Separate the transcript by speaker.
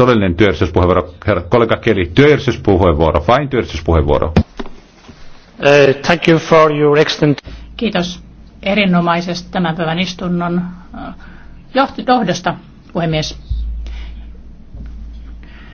Speaker 1: todellinen työllisyyspuheenvuoro. Herra kollega Keli, työllisyyspuheenvuoro, vain työllisyyspuheenvuoro.
Speaker 2: Uh, thank you for your excellent...
Speaker 3: Kiitos erinomaisesta tämän päivän istunnon eh, johdosta, puhemies.